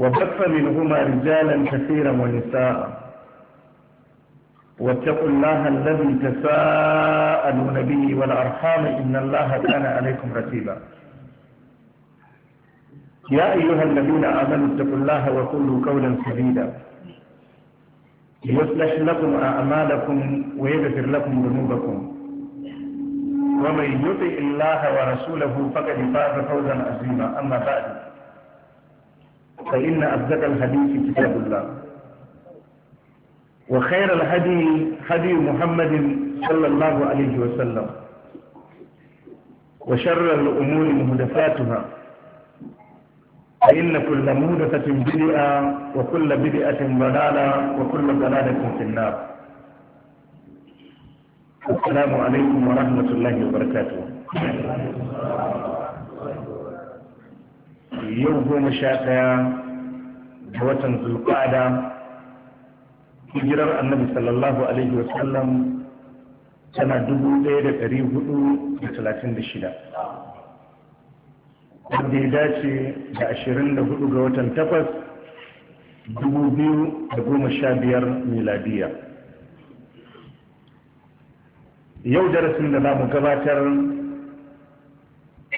وبث منهما رجالا كثيرا ونساء واتقوا الله الذي تساءلون به والأرحام إن الله كان عليكم رتيبا يا أيها الذين آمنوا اتقوا الله وقولوا قولا سديدا ليصلح لكم أعمالكم ويغفر لكم ذنوبكم ومن يطع الله ورسوله فقد فاز فوزا عظيما أما بعد فإن أصدق الحديث كتاب الله وخير الهدي هدي محمد صلى الله عليه وسلم وشر الأمور مهدفاتها فإن كل مهدفة بدئة وكل بدئة ضلالة وكل ضلالة في النار السلام عليكم ورحمة الله وبركاته yau goma sha ɗaya da watan zulƙada hijirar annabi sallallahu alaihi sallam tana dubu ɗaya da ɗari hudu da talatin da shida wanda ya dace da ashirin da hudu ga watan takwas dubu biyu da goma sha biyar miladiya yau darasin da za mu gabatar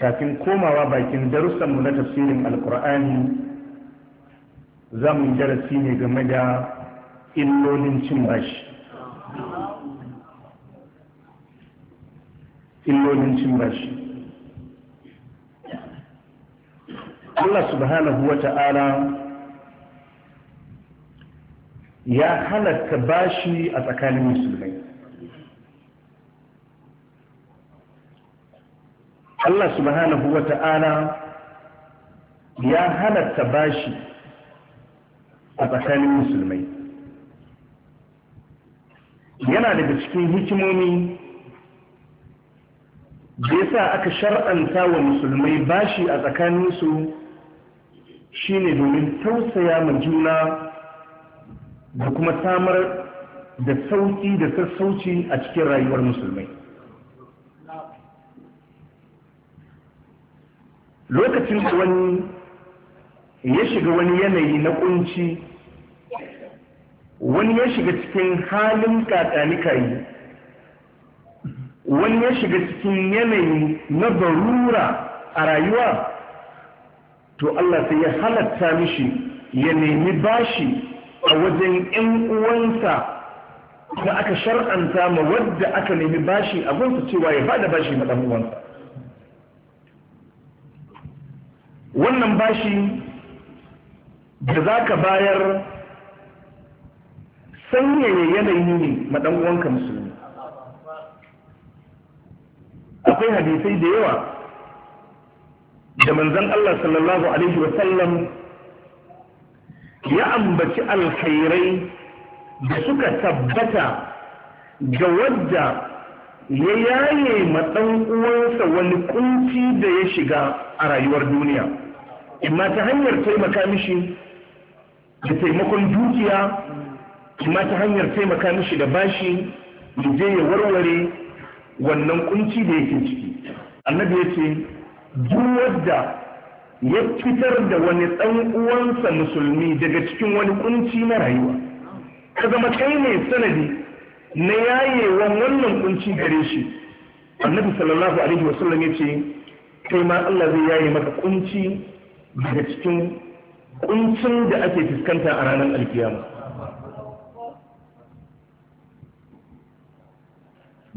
kafin komawa bakin darussanmu na tafsirin alkur'ani za mu darasi ne game da illolin cin bashi illolin cin bashi Allah subhanahu wa ya halatta bashi a tsakanin musulmai Allah subhanahu wa ta'ala ya halatta bashi a tsakanin musulmai yana daga cikin hikimomi da sa aka shar'anta wa musulmai bashi a tsakaninsu shine domin tausaya ma juna da kuma samar da sauƙi da sassauci a cikin rayuwar musulmai lokacin da wani ya shiga wani yanayi na kunci wani ya shiga cikin halin yi, wani ya shiga cikin yanayi na barura a rayuwa to Allah sai ya halatta mishi ya nemi bashi a wajen ‘yan uwansa da aka shar'anta ma wadda aka nemi bashi a abinsa cewa ya bada bashi ma ɗan uwansa wannan bashi da za ka bayar sanyaya yanayi ne maɗan uwanka musulmi akwai hadisai da yawa da manzan Allah sallallahu Alaihi wasallam ya ambaci alkhairai da suka tabbata ga wadda ya yaye matsan uwansa wani kunci da ya shiga a rayuwar duniya. imma ta hanyar taimaka mishi da taimakon dukiya imma ta hanyar taimaka mishi da bashi da je ya warware wannan kunci da yake ciki annabi ya ce duk wadda ya fitar da wani ɗan uwansa musulmi daga cikin wani kunci na rayuwa ka zama kai ne sanadi na yayewan wannan kunci gare shi annabi sallallahu alaihi wasallam ya ce kai ma Allah zai yaye maka kunci daga cikin kuncin da ake fuskanta a ranar alkiyama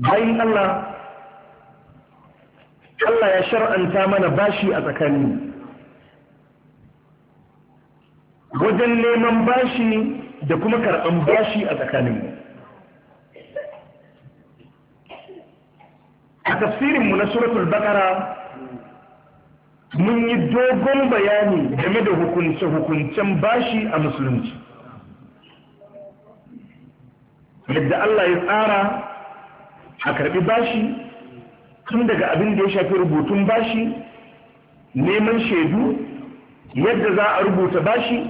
bayan Allah Allah ya shar'anta mana bashi a tsakani wajen neman bashi da kuma karɓan bashi a tsakanin a tafsirinmu na suratul bakara mun yi dogon bayani game da hukunce-hukuncen bashi a musulunci yadda Allah ya tsara a karbi bashi tun daga abin da ya shafi rubutun bashi neman shaidu yadda za a rubuta bashi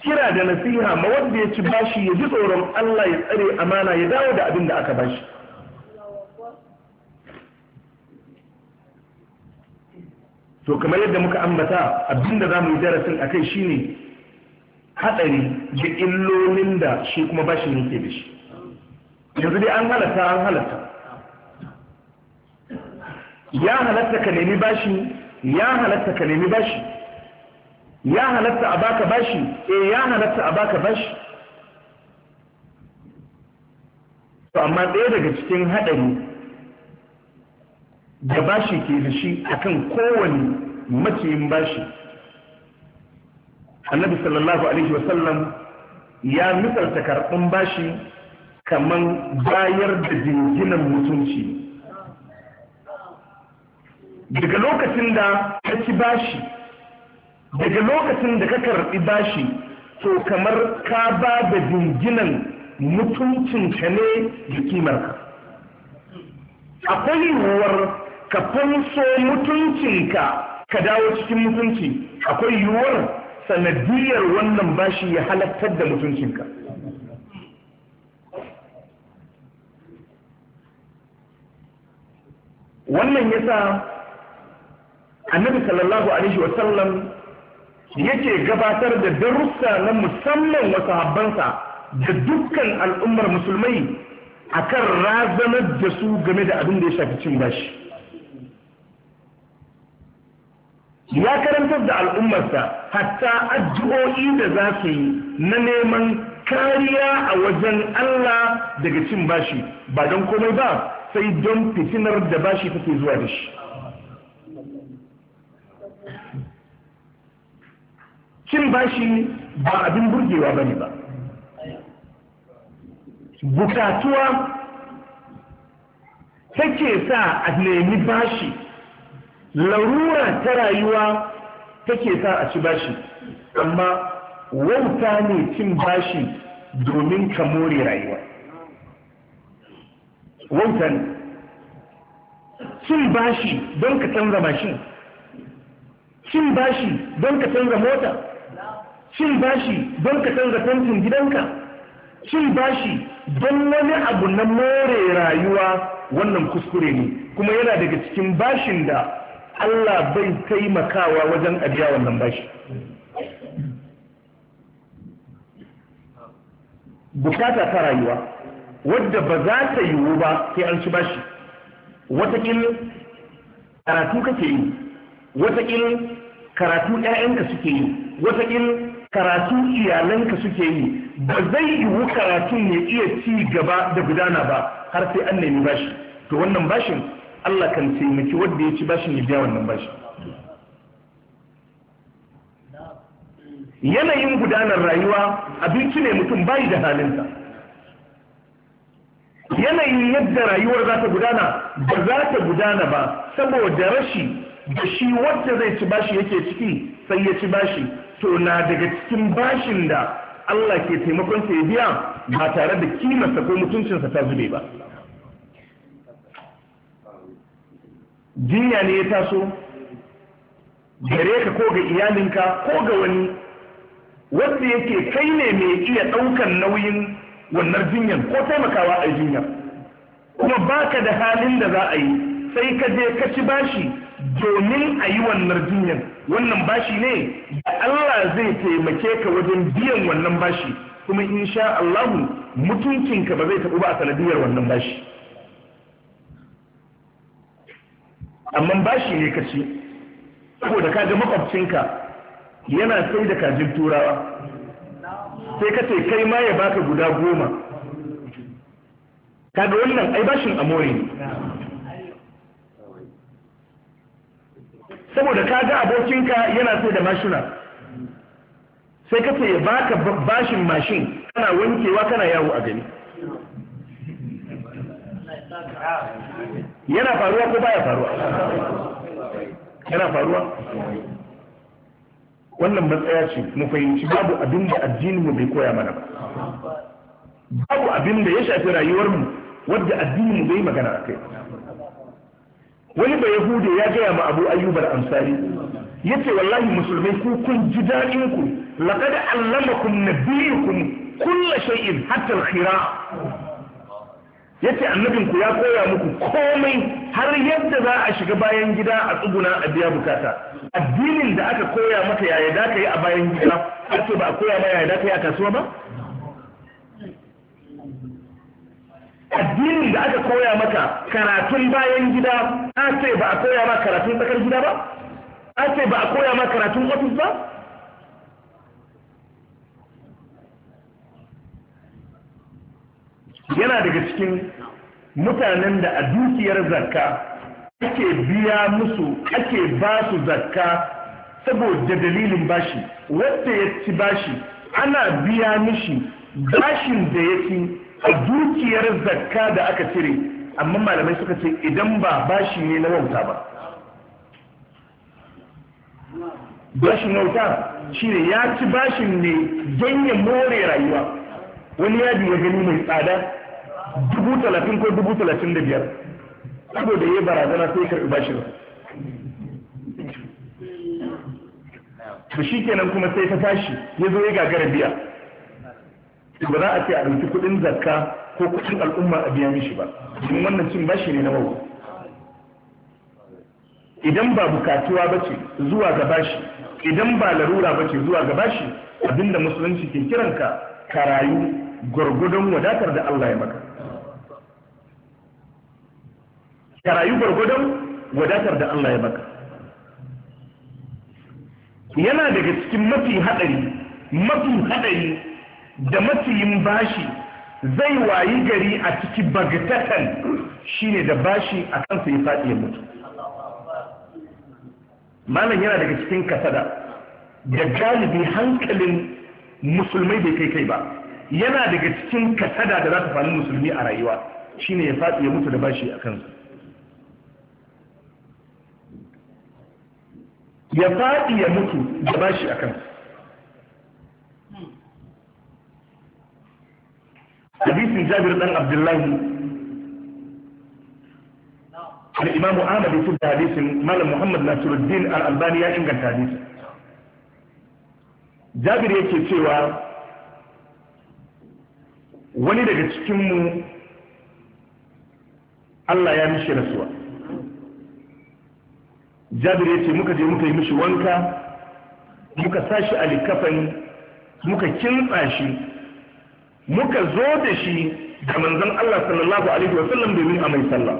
kira da nasiha ma wanda ya ci bashi ya ji tsoron Allah ya tsare amana ya dawo da abin da aka bashi to kamar yadda muka ambata abinda za mu yi darasin a kai shine hatsari da illolin da shi kuma bashin yake da shi yanzu dai an halatta an halatta ya halatta ka nemi bashi ya halatta ka nemi bashi ya halatta a baka bashi eh ya halatta a baka bashi to amma ɗaya daga cikin haɗari da bashi ke da shi akan kowane maciyin bashi annabi sallallahu alaihi wasallam ya misalta karɓin bashi kaman bayar da jinginan mutunci daga lokacin da ka ci bashi daga lokacin da ka karɓi bashi to kamar ka ba da jinginan mutuncinka ne da kimarka akwai yiwuwar ka fanso mutuncinka ka dawo cikin mutunci akwai yiwuwar sanadiyar wannan bashi ya halattar da mutuncinka wannan ya yasa annabi sallallahu alaihi wasallam yake gabatar da darussa na musamman wasu habbansa da dukkan al'ummar musulmai akan razanar da su game da abin da ya shafi cin bashi ya karantar da al'ummarsa hatta addu'o'i da za su yi na neman kariya a wajen Allah daga cin bashi ba don komai ba sai don fitinar da bashi take zuwa da shi cin bashi ba abin burgewa ba ne ba bukatuwa take sa a nemi bashi larura ta rayuwa take sa a ci bashi amma wauta ne cin bashi domin ka more rayuwa wauta ne cin bashi don ka canza mashin cin bashi don ka canza mota cin bashi don ka canza tantin gidanka cin bashi don wani abu na more rayuwa wannan kuskure ne kuma yana daga cikin bashin da Allah bai taimakawa wajen ajiya wannan bashi bukata ta rayuwa wadda ba za ta yiwu ba sai an ci bashi watakil karatu kake yi watakil karatu 'ya'yanka suke yi watakil karatu iyalanka suke yi ba zai yiwu karatun ya iya ci gaba da gudana ba har sai an nemi bashi to wannan bashin Allah kan taimaki wanda ya ci bashin ya biya wannan bashi yanayin gudanar rayuwa abinci ne mutum bai da halinsa yanayin yadda rayuwar za ta gudana ba za ta gudana ba saboda rashi da shi wadda zai ci bashi yake ciki sai ya ci bashi to na daga cikin bashin da Allah ke taimakon ya biya ba tare da kimarsa ko mutuncinsa ta zube ba jinya ne ya taso gare ka ko ga iyalinka ko ga wani wanda yake kai ne mai iya ɗaukan nauyin wannan jinyar ko taimakawa a jinyar kuma baka da halin da za a yi sai ka je ka ci bashi domin a yi wannan jinyar wannan bashi ne da Allah zai taimake ka wajen biyan wannan bashi kuma insha Allah mutuncinka ba zai taɓa ba a sanadiyar wannan bashi amma bashi ne ka ci saboda ka ga makwabcinka yana sai da kajin turawa sai ka ce kai ma ya baka guda goma kaga wannan ai bashin amore ne saboda ka ga abokinka yana sai da mashina sai ka ce ya baka bashin mashin kana wankewa kana yawo a gani yana faruwa ko baya faruwa yana faruwa wannan matsaya ce mu fahimci babu abin da addini mu bai koya mana ba babu abin da ya shafi rayuwar wadda addinin mu bai magana kai. wani bai yahude ya gaya ma abu ayyubar ansari yace wallahi musulmai ku kun ji daɗin ku laqad allamakum nabiyukum kun shay'in hatta al-khira yace annabin ku ya koya muku komai har yadda za a shiga bayan gida a tsuguna a biya bukata addinin da aka koya maka yaya da ka yi a bayan gida ce ba a koya ma yaya da ka yi a kasuwa ba addinin da aka koya maka karatun bayan gida a ce ba a koya ma karatun tsakar gida ba a ce ba a koya ma karatun ofis ba yana daga cikin mutanen da a dukiyar zakka ake biya musu ake ba su zakka saboda dalilin bashi wanda ya ci bashi ana biya mishi bashin da ya ci a dukiyar zakka da aka cire amma malamai suka ce idan ba bashi ne na wauta ba bashin wauta shi ne ya ci bashin ne don ya more rayuwa wani yadi ya gani mai tsada dubu talatin ko dubu talatin da biyar saboda ya yi barazana sai karɓi bashin to shi kenan kuma sai ta tashi ya zo ya gagara biya ba za a ce a ɗauki kuɗin zakka ko kuɗin al'umma a biya mishi ba domin wannan cin bashi ne na mawu. idan ba bukatuwa ba ce zuwa ga bashi idan ba larura ba ce zuwa ga bashi abinda musulunci ke kiranka ka rayu gwargwadon wadatar da Allah ya maka ka rayuwar wadatar da Allah ya baka yana daga cikin mafi haɗari mafi haɗari da mafiyin bashi zai wayi gari a ciki bagatakan shine da bashi a kansa ya faɗi ya mutu malam yana daga cikin kasada da galibi hankalin musulmai bai kai kai ba yana daga cikin kasada da za ta faru musulmi a rayuwa shine ya faɗi ya mutu da bashi a kansa ya faɗi ya mutu da bashi a kansa hadisin jabir ɗan abdullahi alimam imam ahmad yusuf da hadisin malam muhammad nasiruddin al-albani ya inganta hadisin jabir yake cewa wani daga cikinmu Allah ya mishi rasuwa jabir ya ce muka je muka yi mishi wanka muka sashi shi a likafan muka kintsa shi muka zo da shi da manzon Allah sallallahu alaihi wa sallam domin a mai sallah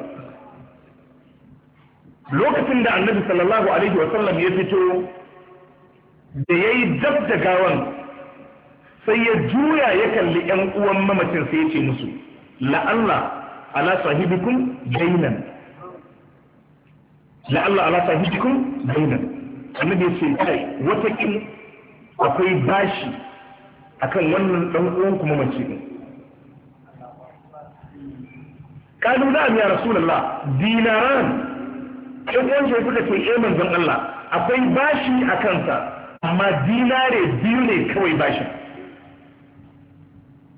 lokacin da annabi sallallahu alaihi wa sallam ya fito da yayi dab da gawan sai ya juya ya kalli yan uwan mamacin sai ya ce musu la'alla ala sahibikun dainan la Allah ala ta hijikum baina annabi yace kai wata kin akwai bashi akan wannan dan uwan kuma mace ne kalu da ya rasulullah dinaran ko kun shi kuka ce eh manzon Allah akwai bashi a kansa amma dinare biyu ne kawai bashi.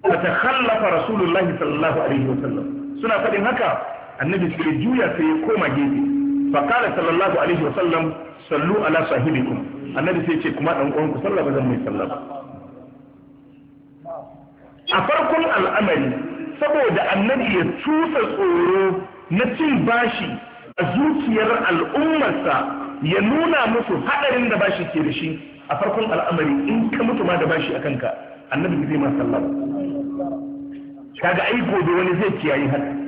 wa khallafa rasulullahi sallallahu alaihi wasallam suna faɗin haka annabi sai juya sai ya koma gefe fa kana sallallahu alaihi wasallam sallu ala sahibikum annabi sai ce kuma dan uwanku sallah zan mai sallah a farkon al'amari saboda annabi ya tusa tsoro na cin bashi a zuciyar al'ummarsa ya nuna musu haɗarin da bashi ke da shi a farkon al'amari in ka mutu ma da bashi a kanka ma ai gobe wani zai kiyaye haka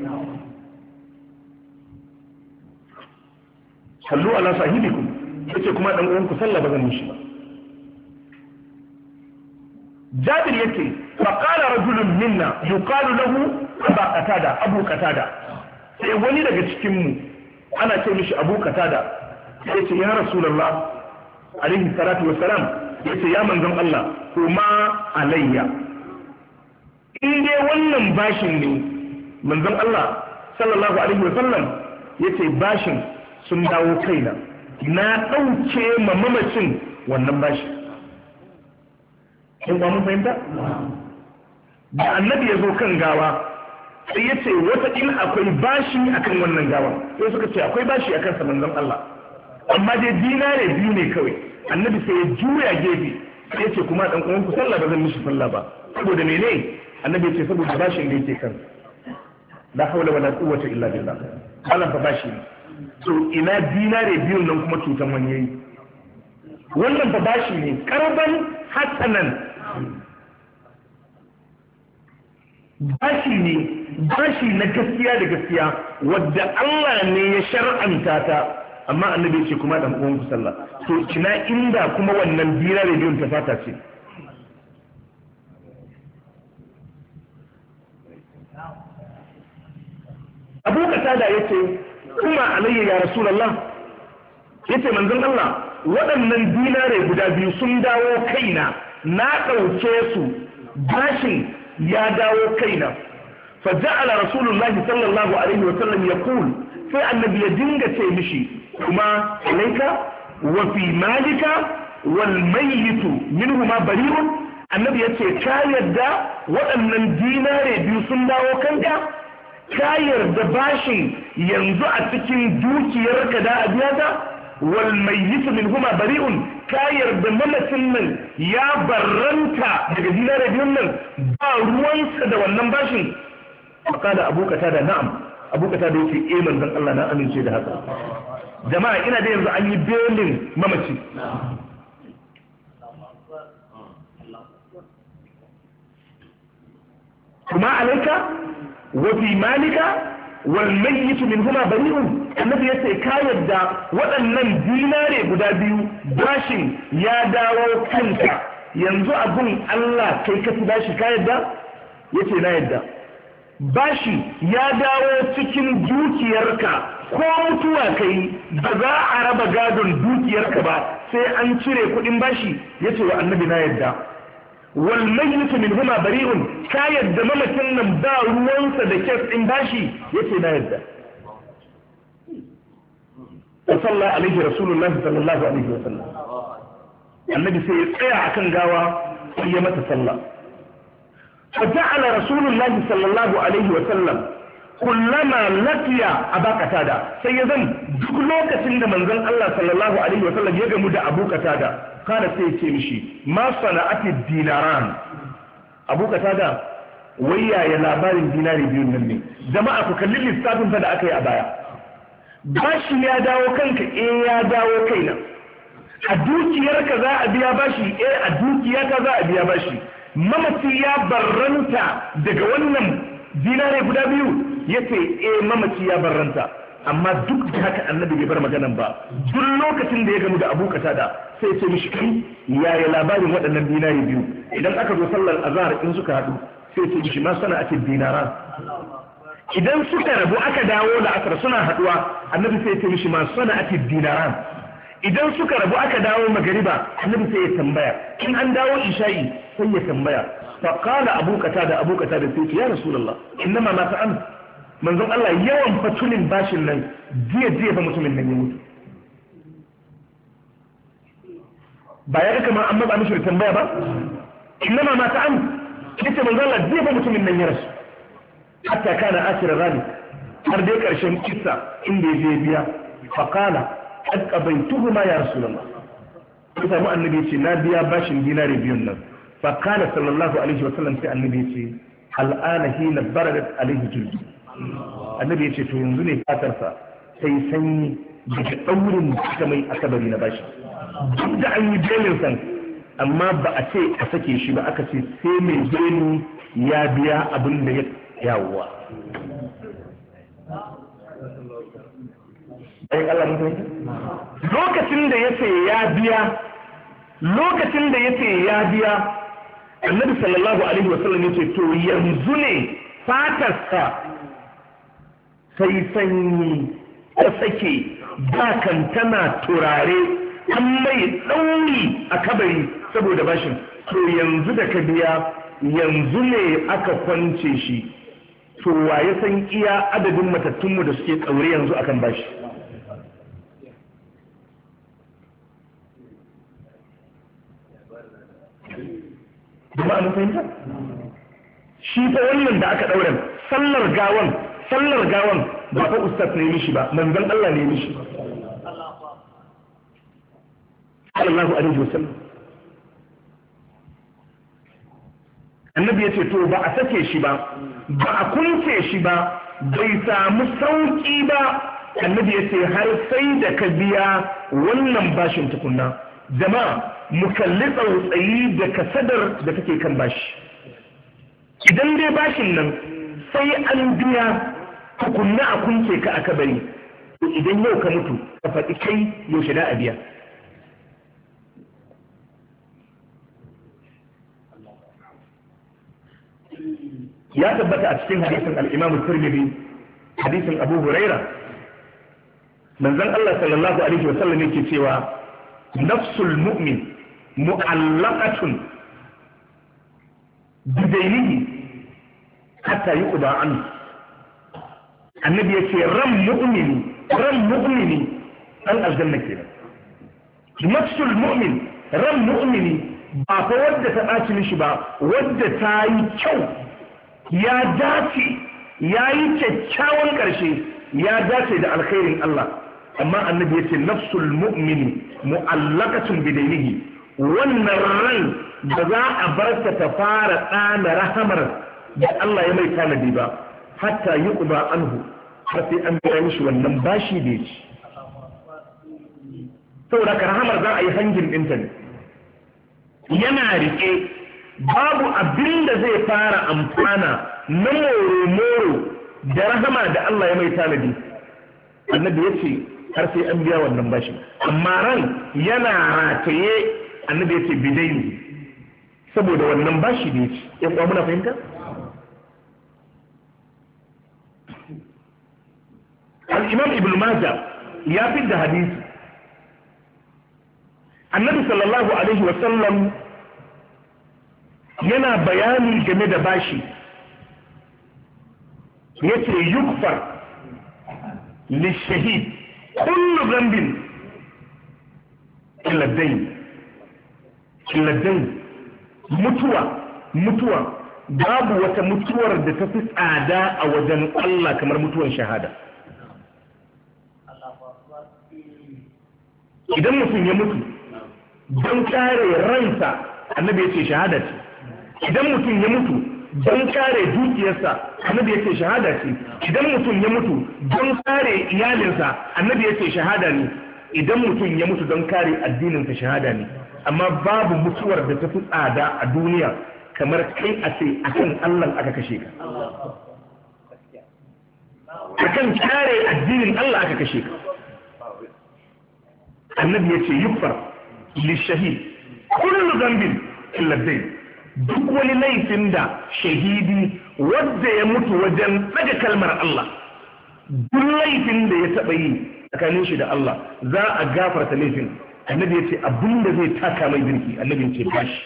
sallu ala sahibikum yace kuma dan uwan ku sallah bazan mishi ba jabir yake fa qala rajulun minna yuqalu lahu aba qatada abu qatada sai wani daga cikin mu ana ce mishi abu qatada yace ya rasulullah alaihi salatu wassalam yace ya manzon Allah kuma alayya in dai wannan bashin ne manzon Allah sallallahu alaihi wasallam yace bashin sun dawo kaina na ɗauke ma mamacin wannan bashi kin mun fahimta da annabi ya zo kan gawa sai ya ce wataƙila akwai bashi akan wannan gawa sai suka ce akwai bashi akan sa manzon Allah amma dai dinare biyu ne kawai annabi sai ya juya gefe sai ya ce kuma dan uwanku sallah ba zan mishi sallah ba saboda mene annabi ya ce saboda bashin da yake kan la hawla wala quwwata illa billah Allah fa bashi ne to ina dinare biyun nan kuma cutan wani yi? wannan ba bashi ne karban hatsanan. bashi ne bashi na gaskiya da gaskiya wadda Allah ne ya shar'anta ta amma annabi ce kuma dan uwan ku sallah to kina inda kuma wannan dinare biyun ta fata ce Abu Qatada yace kuma alayya ya rasulullah yace manzon Allah waɗannan dinare guda biyu sun dawo kaina na ɗauke su bashin ya dawo kaina fa ja'ala rasulullahi sallallahu alaihi wa sallam yaqul sai annabi ya dinga ce mishi kuma alayka wa fi malika wal mayyitu minhuma bari'un annabi ya ce ka yarda waɗannan dinare biyu sun dawo kanka ta yarda bashin yanzu a cikin dukiyarka da a biyata, mai yi su min minhuma bari'un ka yarda mamacin nan ya barranta daga dinare biyun nan ba ruwansa da wannan bashin fakala abokata da na'am abokata da yake eh manzon Allah na amince da haka jama'a ina da yanzu an yi belin mamaci kuma alaika wa fi malika Walnayi tuni nuna ba ni? Annabi ya ka yadda waɗannan duniya guda biyu bashin ya dawo kanta yanzu abin Allah kai ka fi bashi ka yadda? Ya na yadda bashin ya dawo cikin dukiyarka ko mutuwa kai ba za a raba gadon dukiyarka ba sai an cire kuɗin bashi? yace wa Annabi na yadda. wal mayyitu minhuma bari'un ka yadda mamacin nan ba ruwansa da kes din bashi yace na yadda wa salla alaihi sallallahu alaihi wa sallam annabi sai ya tsaya akan gawa sai ya mata sallah fa ja'ala rasulullahi sallallahu alaihi wa sallam kullama lafiya a bakatada sai ya zan duk lokacin da manzon Allah sallallahu wa sallam ya gamu da abu kala sai ce mishi ma sana'ati dinaran abu tada wai yaya labarin dinari biyun nan ne jama'a ku kalli lissafin fa da aka yi a baya bashi ya dawo kanka eh ya dawo kaina a dukiyarka za a biya bashi eh a dukiyarka za a biya bashi mamaci ya barranta daga wannan dinare guda biyu yace eh mamaci ya barranta amma duk da haka annabi bai bar maganan ba duk lokacin da ya gamu da abu da sai ce mishi kai yaya labarin waɗannan dinari biyu idan aka zo sallar azhar in suka haɗu sai ce mishi ma sana ake dinara idan suka rabu aka dawo da asar suna haɗuwa annabi sai ce mishi ma sana ake dinara idan suka rabu aka dawo magariba annabi sai ya tambaya in an dawo isha'i sai ya tambaya faqala abu qatada abu qatada sai ce ya rasulullah innama ma ta'am manzon Allah yawan fatulin bashin nan jiya jiya fa mutumin nan ya mutu ba ya kama an matsa mishi tambaya ba innama ma ta'am yace manzon Allah jiya fa mutumin nan ya rasu hatta kana asir rani har dai karshen kissa inda ya je biya fa qala qad qabaituhu ma ya rasulullah ya samu annabi ce na biya bashin dinari biyun nan fa kana sallallahu alaihi wa sallam sai annabi ce al'ana hina baradat alaihi juldu annabi ya ce to yanzu ne fatarsa sai sanyi daga ɗaurin da mai asabari na bashi duk da an yi jelin san amma ba a ce a sake shi ba aka ce sai mai jelin ya biya abin da ya yawuwa lokacin da ya ce ya biya lokacin da ya ce ya biya annabi sallallahu alaihi wasallam ya ce to yanzu ne fatarsa sai sanyi ta sake bakan tana turare an mai ɗauri a kabari saboda bashin to yanzu da ka biya yanzu ne aka kwance shi to wa ya san iya adadin matattunmu da suke tsauri yanzu akan bashi Jama'a mun fahimta? Shi fa wannan da aka ɗaure sallar gawan sallar gawan ba fa ustaz ne mishi ba manzon Allah ne mishi sallallahu alaihi wasallam annabi ya to ba a sake shi ba ba a kunce shi ba bai samu sauki ba annabi yace har sai da ka biya wannan bashin tukunna jama'a mu kalli tsautsayi da kasadar da take kan bashi idan dai bashin nan sai an biya tukunna a kunce ka a kabari to idan yau ka mutu ka faɗi kai yaushe da a biya ya tabbata a cikin hadisin al-Imam Tirmidhi hadisin Abu Huraira manzon Allah sallallahu alaihi wa yake cewa nafsul mu'min mu'allaqatun bidainihi hatta yuqda anhu annabi ya ce ran mu'mini ran mu'mini dan aljanna kenan nafsul mu'min ran mu'mini ba fa wadda ta ɓaci mishi ba wadda ta yi kyau ya dace ya yi kyakkyawan ƙarshe ya dace da alkhairin Allah amma annabi ya ce nafsul mu'mini mu'allakatun bidainihi wannan ran da za a bar ta ta fara tsana rahamar da Allah ya mai tanadi ba hatta yi uba anhu har sai an biya mishi wannan bashi da ya ci saboda karhamar za a yi hangin ɗinta ne yana riƙe babu abin da zai fara amfana na moro-moro da rahama da Allah ya mai tanadi annabi ya ce har sai an biya wannan bashi amma ran yana rataye annabi ya ce bidai saboda wannan bashi ne ya ce muna fahimta al-imam ibn majah ya fidda hadisi annabi sallallahu alaihi wasallam yana bayani game da bashi yace yukfar lishahid kullu zambin illa dayn illa dayn mutuwa mutuwa babu wata mutuwar da ta fi tsada a wajen Allah kamar mutuwar shahada idan mutum ya mutu don kare ransa annabi ya ce shahada ce idan mutum ya mutu don kare dukiyarsa annabi ya ce shahada ce idan mutum ya mutu don kare iyalinsa annabi ya ce shahada ne idan mutum ya mutu don kare addininsa shahada ne amma babu mutuwar da ta fi tsada a duniya kamar kai a ce akan Allah aka kashe ka A kan kare addinin Allah aka kashe ka annabi ya ce yukfar lishahid kullu zambin illa duk wani laifin da shahidi wadda ya mutu wajen daga kalmar Allah duk laifin da ya taɓa yi tsakanin shi da Allah za a gafarta laifin annabi ya ce abin da zai taka mai binki annabin ce bashi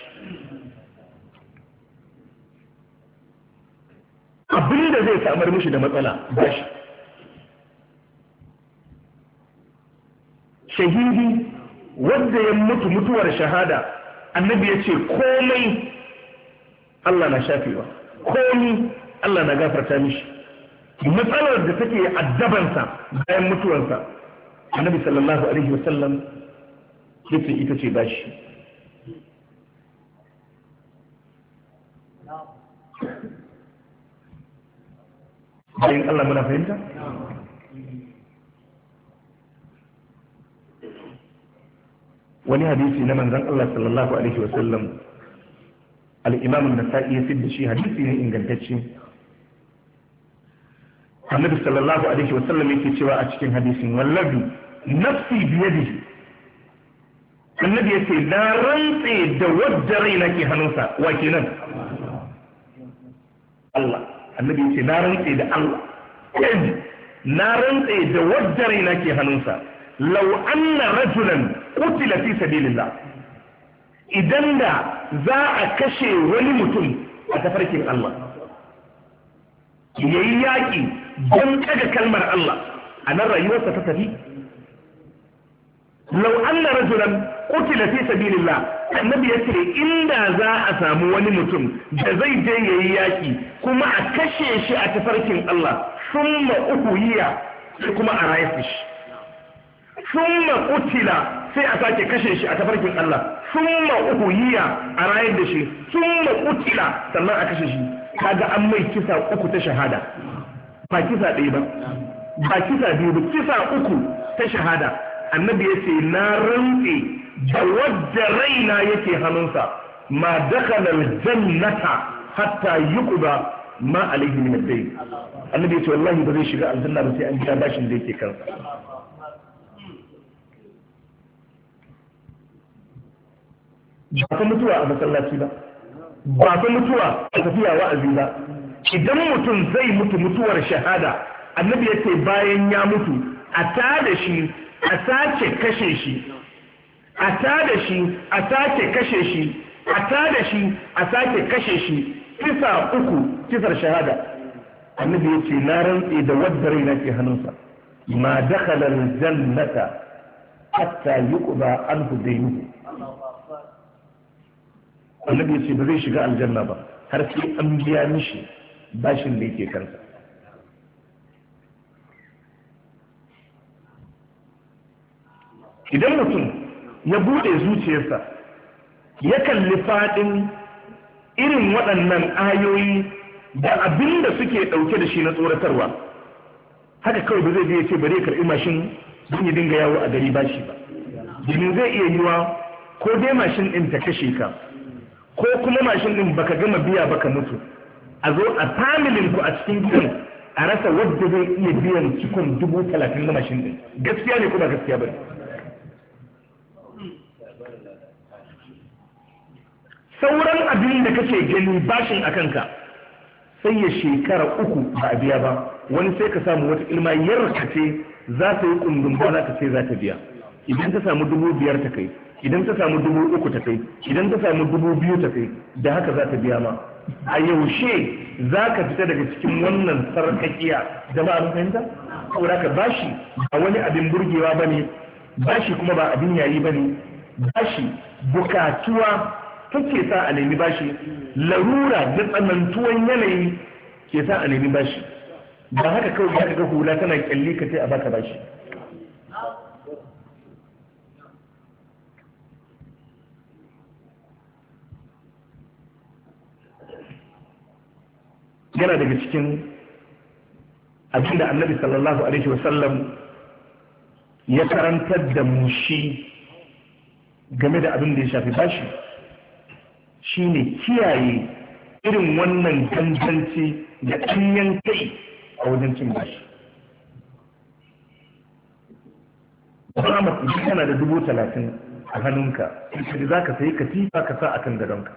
abin da zai samar mishi da matsala bashi shahidi wanda ya mutu mutuwar shahada annabi ya ce komai Allah na shafewa komai Allah na gafarta mishi matsalar da take addabansa bayan mutuwarsa annabi sallallahu alaihi wasallam yace ita ce bashi bayan Allah muna fahimta wani hadisi na manzon Allah sallallahu alaihi wa sallam al-imam an-nasa'i ya fidda shi hadisi ne ingantacce annabi sallallahu alaihi wa wasallam yake cewa a cikin hadisin wallahi nafsi biyadihi annabi ya ce na rantse da wadda raina ke hannunsa wa kenan Allah annabi ya ce na rantse da Allah na rantse da wadda raina ke hannunsa law anna rajulan qutila fi sabilillah idan da za a kashe wani mutum a tafarkin Allah yayi yaƙi don daga kalmar Allah a nan rayuwarsa ta tafi law anna rajulan qutila fi sabilillah annabi yace inda za a samu wani mutum da zai je yayi yaƙi kuma a kashe shi a tafarkin Allah summa uhuyiya kuma a rayuwa shi summa utila sai a sake kashe shi a tafarkin Allah summa uhiya a rayar da shi summa utila sannan a kashe shi kaga an mai kisa uku ta shahada ba kisa ɗaya ba ba kisa biyu ba kisa uku ta shahada annabi ya ce na rantse da wadda raina yake hannunsa ma dakala aljannata hatta yuqda ma alayhi min ad annabi ya ce wallahi ba zai shiga aljanna ba sai an biya bashin da yake kansa ba mutuwa a masallaci ba ba ta mutuwa a tafiya wa'azi ba idan mutum zai mutu mutuwar shahada annabi ya ce bayan ya mutu a tada shi a sace kashe shi a tada shi a sace kashe shi a tada shi a sace kashe shi kisa uku kisar shahada annabi ya ce na rantse da wadda raina ke hannunsa ma dakhala aljannata hatta yuqda anhu daynuhu annabi ya ce ba zai shiga aljanna ba har sai an biya mishi bashin da yake kansa idan mutum ya bude zuciyarsa ya kalli faɗin irin waɗannan ayoyi da abin da suke ɗauke da shi na tsoratarwa haka kawai ba zai biya ce ba zai karɓi mashin zan ya dinga yawo a gari bashi ba domin zai iya yiwa ko dai mashin ɗin ta kashe ka ko kuma mashin din baka gama biya baka mutu a zo a familin ku a cikin gidan a rasa wadda zai iya biyan cikon dubu talatin na mashin din gaskiya ne kuma gaskiya ba sauran abin da kake gani bashin a kanka sai ya shekara uku ba a biya ba wani sai ka samu wata ilma yarka ce za ta yi kundin ba za ta ce za ta biya idan ta samu dubu biyar ta kai idan ta samu dubu uku ta kai idan ta samu dubu biyu ta kai da haka za ta biya ma a yaushe za ka fita daga cikin wannan sarkakiya ba a fahimta saboda ka bashi ba wani abin burgewa ba bane bashi kuma ba abin yayi bane bashi bukatuwa take sa a nemi bashi larura da tsanantuwan yanayi ke sa a nemi bashi ba haka kawai ya ga hula tana kyalli ka ce a baka bashi yana daga cikin abinda annabi sallallahu alaihi wasallam ya karantar da mu shi game da abin da ya shafi bashi shine kiyaye irin wannan ganganci da ɗanyen kai a wajen cin bashi Muhammad idan da dubu talatin a hannunka, in za ka sayi katifa ka sa a kan gadonka.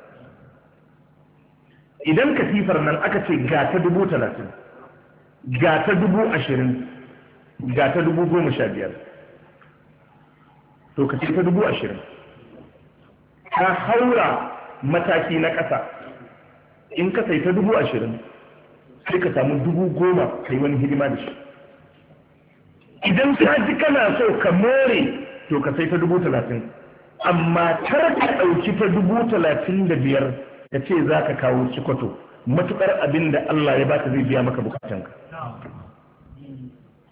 idan katifar nan aka ce ga ta dubu talatin ga ta dubu ashirin ga ta dubu goma sha biyar to ka ce ta dubu ashirin ta haura mataki na ƙasa in ka sai ta dubu ashirin sai ka samu dubu goma ka yi wani hidima da shi idan ka ji kana so ka more to ka sai ta dubu talatin amma kar ka ɗauki ta dubu talatin da biyar ka ce za ka kawo cikoto matukar abin da Allah ya baka zai biya maka bukatanka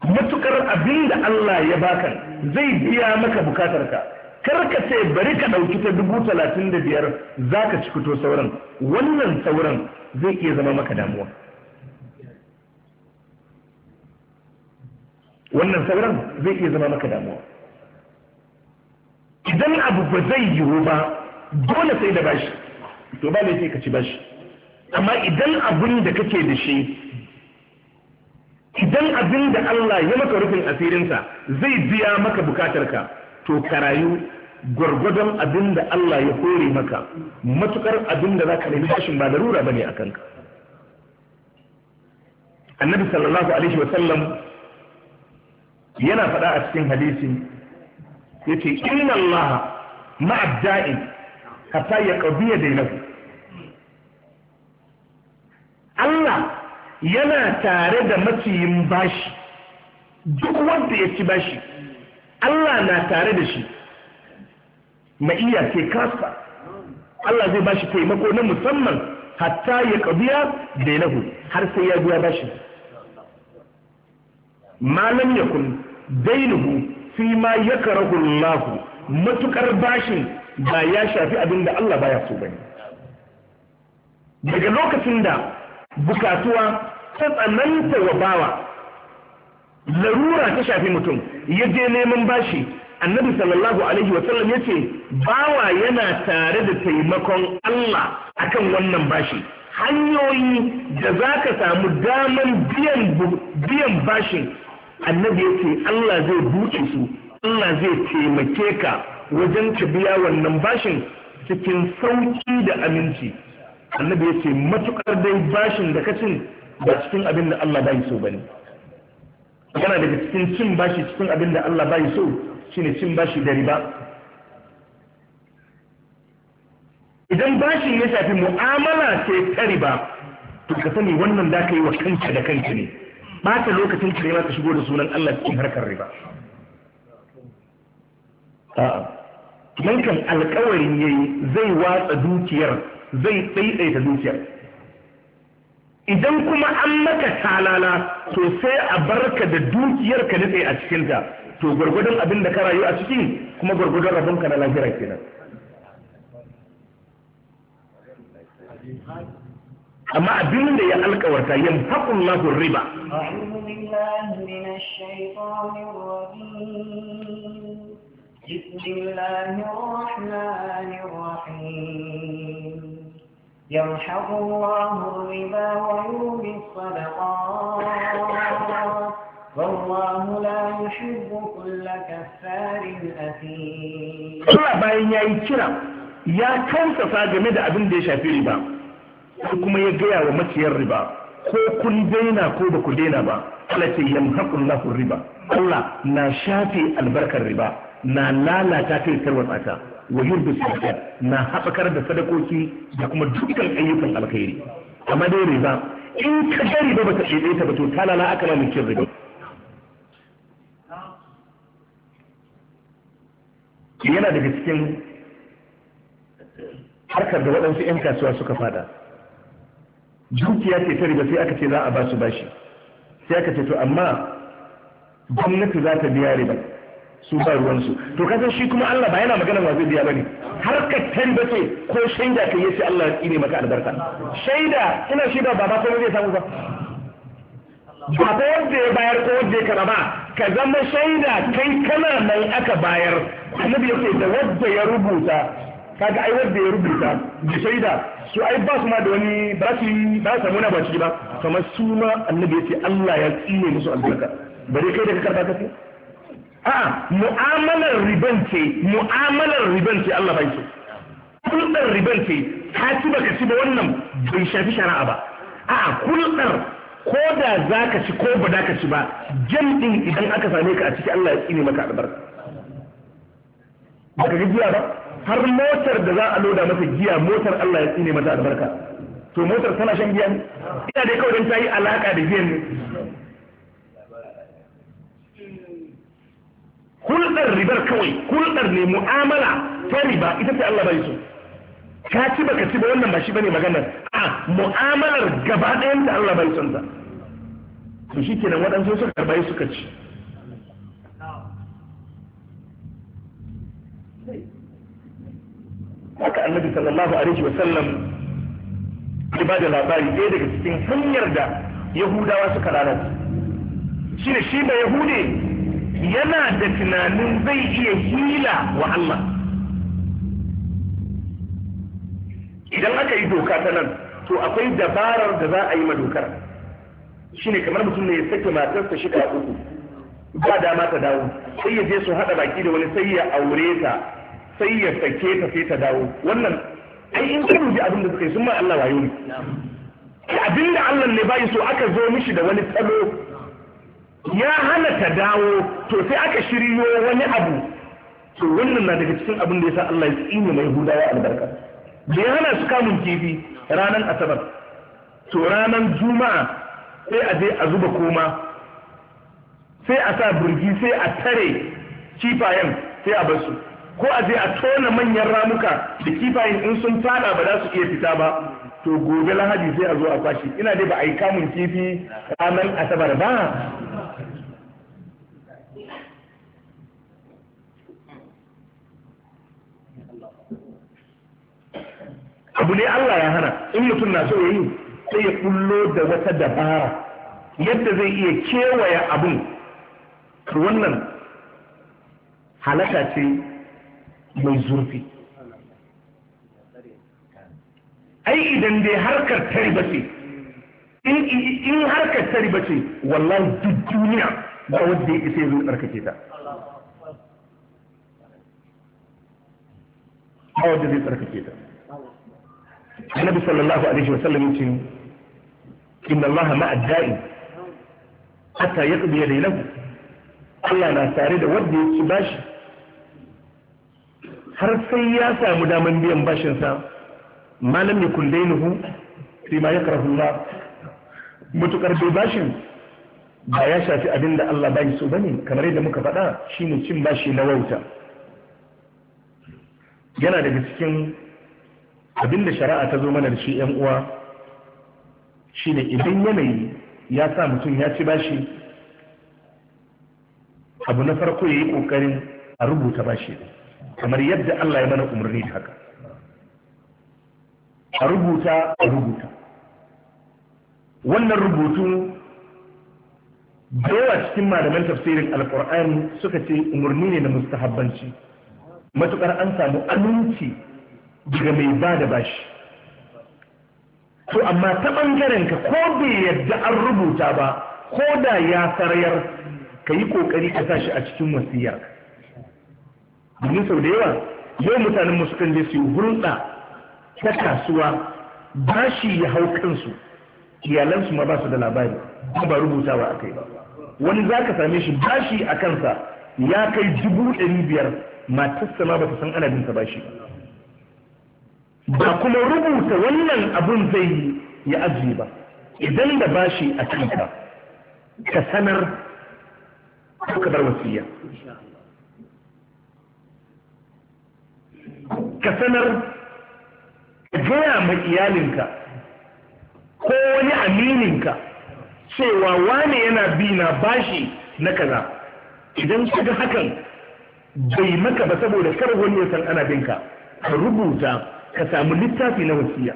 matukar abin da Allah ya baka zai biya maka bukatarka kar ka ce bari ka ɗauki ta dubu talatin da biyar za ka cikuto sauran wannan sauran zai iya zama maka damuwa wannan sauran zai iya zama maka damuwa idan abu ba zai yiwu ba dole sai da bashi to ba laifi ka ci bashi amma idan abin da kake da shi idan abin da Allah ya maka rufin asirinsa zai biya maka bukatarka to ka rayu gwargwadon abin da Allah ya kore maka matukar abin da za ka nemi bashin ba darura ba ne a kanka annabi sallallahu alaihi wasallam yana faɗa a cikin hadisi ya ce inna Allah ma'adda'in hatta ya ƙabiya dainahu yana tare da maciyin bashi duk wanda ya ci bashi Allah na tare da shi iya ke kasa Allah zai bashi taimako na musamman hatta ya kabiya da lahu har sai ya biya bashi malam yakun dainuhu fi ma yakrahu Allah matukar bashin ba ya shafi abinda Allah baya so bane daga lokacin da bukatuwa ta tsananta wa bawa larura ta shafi mutum ya je neman bashi annabi sallallahu alaihi wasallam ya ce bawa yana tare da taimakon Allah akan wannan bashi hanyoyi da za ka samu daman biyan bashin annabi ya ce Allah zai buɗe su Allah zai taimake ka wajen ka biya wannan bashin cikin sauki da aminci annabi ya ce matukar dai bashin da ka cin ba cikin abin da Allah bai so bane yana daga cikin cin bashi cikin abin da Allah bai so shine cin bashi da riba idan bashin ya shafi mu'amala ce ta riba to ka sani wannan da ka yi wa kanka da kanka ne ba lokacin ka ma ka shigo da sunan Allah cikin harkar riba a'a man kan alƙawarin yayi zai watsa dukiyar zai ɗaiɗaita dukiyar idan kuma an maka talala to sai a barka da dukiyar ka nutse a cikinta to gwargwadon abin da ka rayu a ciki kuma gwargwadon rabon rabonka na lahira kenan amma abin da ya alkawarta yin haƙun lahun riba بسم الله الرحمن الرحيم يمحق الله الربا ويربي الصدقات والله لا يحب كل كفار أثيم ya باين يا game da abin da ya shafi riba kuma ya gaya wa maciyar riba ko kun daina ko ba ku daina ba Allah ce yamhaqullahu riba Allah na shafe albarkar riba na lalata ta tarwatsa wa yurdu na haɓakar da sadakoki da kuma dukkan ayyukan alkhairi amma dai riba in ka ga riba ta ɗaiɗai ta ba to ta lala aka lalin cin riba yana daga cikin harkar da waɗansu 'yan kasuwa suka fada dukiya ce ta riba sai aka ce za a ba su bashi sai aka ce to amma gwamnati za ta biya riba su ba ruwansu to kasan shi kuma Allah ba yana magana wa zai biya bane ka ka ko shaida kai yace Allah ya kine maka albarka shaida ina shaida ba baba ko zai samu ba ba wanda ya bayar ko wanda ya karaba ka zama shaida kai kana mai aka bayar annabi ya ce da wanda ya rubuta kaga ai wanda ya rubuta da shaida su ai ba su ma da wani ba su ba su muna ba ciki ba kamar su ma annabi ce Allah ya tsine musu albarka bari kai da ka karba kake a'a mu'amalar riban ce mu'amalar riban ce Allah bai so kulɗar riban ce ta ci baka ci ba wannan bai shafi shari'a ba a'a kulɗar ko da za ka ci ko ba da ka ci ba jam'in idan aka same ka a ciki Allah ya tsine maka albarka baka ka giya ba har motar da za a loda masa giya motar Allah ya tsine mata albarka to motar tana shan giya ne ina dai kawai don ta yi alaka da giyan ne hulɗar ribar kawai hulɗar ne mu'amala ta riba ita ce Allah bai so ka ci baka ci ba wannan ba shi bane maganar a mu'amalar gaba ɗayan ta Allah bai son ta to kenan waɗansu suka karɓa suka ci haka annabi sallallahu alaihi wa sallam ya bada labari ɗaya daga cikin hanyar da yahudawa suka lalata shi ne shi da yahudi yana da tunanin zai iya hila wa Allah idan aka yi doka ta nan to akwai dabarar da za a yi ma dokar shine kamar mutum ne ya sake matarsa shida uku ba dama ta dawo sai ya je su haɗa baki da wani sai ya aure ta sai ya sake ta sai ta dawo wannan ai in ka dubi abin da suka yi sun ma Allah wayo ne abin da Allah ne bai so aka zo mishi da wani tsalo ya hana ta dawo to sai aka shiryo wani abu to wannan na daga cikin abin da ya sa Allah ya tsine mai hudawa albarka da ya hana su kamun kifi ranar asabar to ranar juma'a sai a je a zuba koma sai a sa burgi sai a tare kifayen sai a bar su ko a je a tona manyan ramuka da kifayen in sun fada ba za su iya fita ba to gobe lahadi sai a zo a kwashi ina dai ba a yi kamun kifi ranar asabar ba abu ne Allah ya hana in mutum na so ya yi sai ya kullo da wata dabara yadda zai iya kewaye abun wannan halaka ce mai zurfi ai idan dai harkar tariba ce in harkar tariba ce wallahi duk duniya ba wadda ya isa ya zo tsarkake ta ba wanda zai tsarkake ta annabi sallallahu alaihi wasallam yace inna allaha ma'a da'i hatta yaqdi laylahu Allah na tare da wanda yake bashi har sai ya samu daman biyan bashinsa malam yakun dainuhu fi ma yakrahu Allah mutukar bai bashin ba ya shafi abin da Allah bai so bane kamar yadda muka faɗa shine cin bashi na wauta yana daga cikin Abin da shari'a ta zo mana da shi yan uwa shine idan yanayi ya sa mutum ya ci bashi abu na farko ya yi ƙoƙarin a rubuta bashi kamar yadda Allah ya mana umarni da haka a rubuta a rubuta wannan rubutu da yawa cikin malaman tafsirin alkur'ani suka ce umarni ne na mustahabbanci matukar an samu aminci daga mai ba da bashi to amma ta ɓangaren ka ko bai yadda an rubuta ba ko da ya sarayar ka yi ƙoƙari ka tashi a cikin wasiyar domin sau da yawa yau mutanen musu kan je su yi hulɗa ta kasuwa bashi ya hau kansu iyalansu ma ba su da labari ba rubutawa a kai ba wani za ka same shi bashi a kansa ya kai dubu ɗari biyar matarsa ma ba ta san ana binsa bashi ba ba kuma rubuta wannan abun zai yi ya ajiye ba idan da bashi a kanka ka sanar ka wasiya ka sanar ka gaya ma iyalinka ko wani amininka cewa wani yana bi na bashi na kaza idan ka ga hakan bai maka ba saboda kar wani ya san ana binka ka rubuta ka samu littafi na wasiya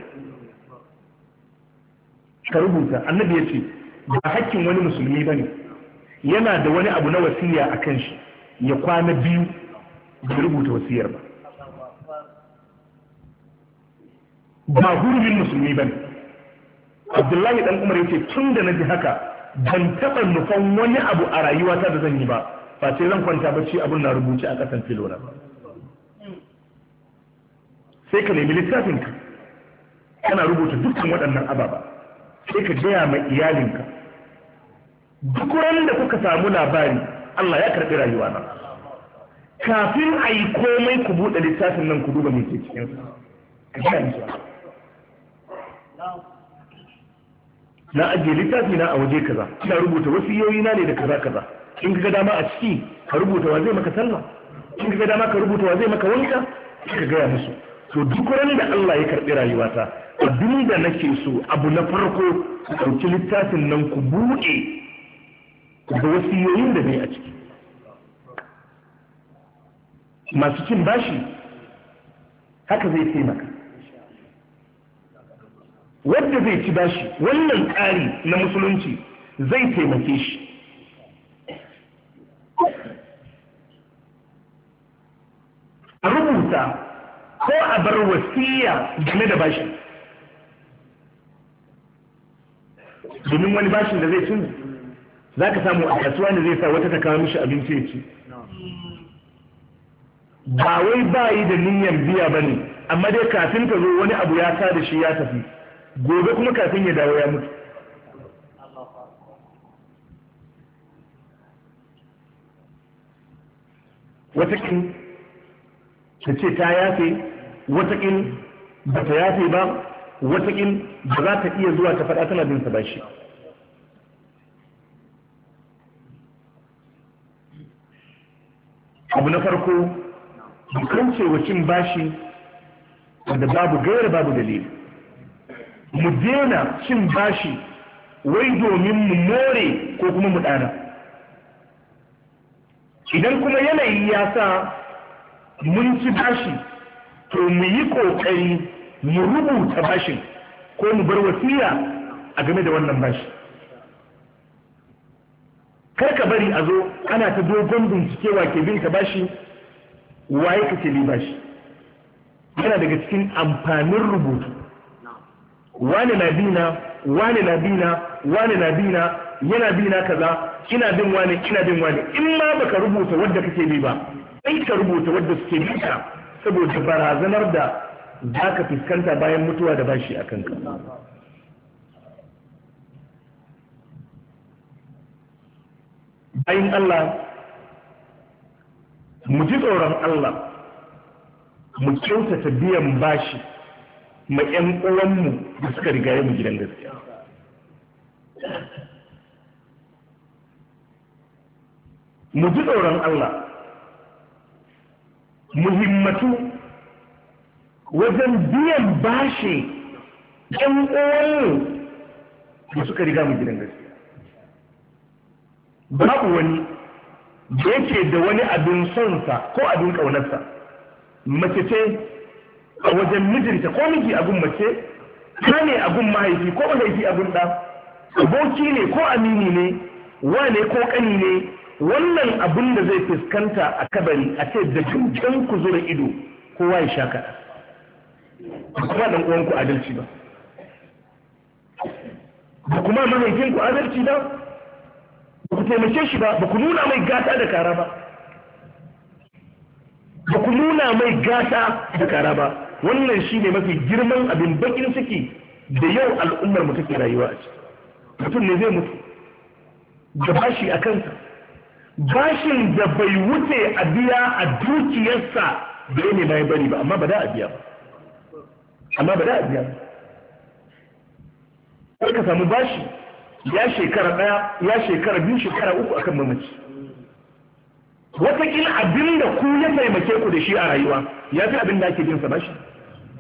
ka rubuta annabi ya ce ba hakkin wani musulmi ba ne yana da wani abu na wasiya a kan shi ya kwana biyu da rubuta wasiyar ba ba hurumin musulmi ba ne abdullahi dan umar ya ce tun da na ji haka ban taɓa nufan wani abu a rayuwata da zan yi ba ba sai zan kwanta bacci abin na rubuce a ƙasan na ba sai ka nemi littafinka kana rubuta dukkan waɗannan ababa sai ka gaya ma iyalinka duk ran da kuka samu labari Allah ya karɓi rayuwa na kafin a yi komai ku buɗe littafin nan ku duba mai ke cikin ka gaya musu na ajiye littafi na a waje kaza ina rubuta yoyi na ne da kaza kaza in ga dama a ciki ka rubuta wa zai maka sallah in ga dama ka rubuta wa zai maka wanka ka gaya musu To duk wanda da Allah ya karɓi rayuwata abin da nake so abu na farko ku ɗauki littafin nan ku buɗe ga wasiyoyin da ne a ciki masu cin bashi haka zai taimaka wadda zai ci bashi wannan ƙari na musulunci zai taimake shi a rubuta ko a bar wasiya game da bashi domin wani bashin da zai cin za ka samu a kasuwa da zai sa wata ta kawo mishi abinci ya ci ba wai yi da niyan biya ba ne amma dai kafin ta zo wani abu ya sa da shi ya tafi gobe kuma kafin ya dawo ya mutu kin ta ce ta yafe wataƙil ba ta yafe ba watakin ba za ta iya zuwa ta faɗa tana bin sa bashi abu na farko bukance wa cin bashi wanda babu gayar babu dalili mu dena cin bashi wai domin mu more ko kuma mu ɗana idan kuma yanayi ya sa mun ci bashi to mu yi ƙoƙari mu rubuta bashin ko mu bar wasiya a game da wannan bashi kar ka bari a zo ana ta dogon bincike wa ke bin ka bashi waye ka bi bashi yana daga cikin amfanin rubutu wane na bina wane na bina wane na bina yana bina kaza ina bin wane ina bin wane in ma baka rubuta wadda kake bi ba sai ka rubuta wadda suke bi ka saboda barazanar da za ka fuskanta bayan mutuwa da bashi a kanka bayan Allah mu ji tsoron Allah mu kyautata biyan bashi ma 'yan uwanmu da suka rigaye mu gidan gaskiya mu ji tsoron Allah muhimmatu wajen biyan bashi ɗan uwanmu da suka riga mu gidan gaskiya babu wani da yake da wani abin sonsa ko abin ƙaunarsa mace ce a wajen mijinta ko miji abin mace ta ne abin mahaifi ko mahaifi abin ɗa aboki ne ko amini ne wane ko ƙani ne wannan abin da zai fuskanta a kabari a ce da jinkin ku zura ido kowa ya sha kaɗa ba kuma ɗan uwanku adalci ba ba kuma mahaifinku adalci ba ba ku taimake shi ba ba ku nuna mai gata da kara ba ba ku nuna mai gata da kara ba wannan shi ne mafi girman abin bakin ciki da yau al'ummar mu take rayuwa a ciki mutum ne zai mutu da bashi a kansa bashin da bai wuce a biya a dukiyarsa da ne mai bari ba amma ba da a biya ba amma ba da a biya sai ka samu bashi ya shekara daya ya shekara biyu shekara uku akan mamaci watakila abin da ku ya taimake ku da shi a rayuwa ya fi abin da ake jinsa bashi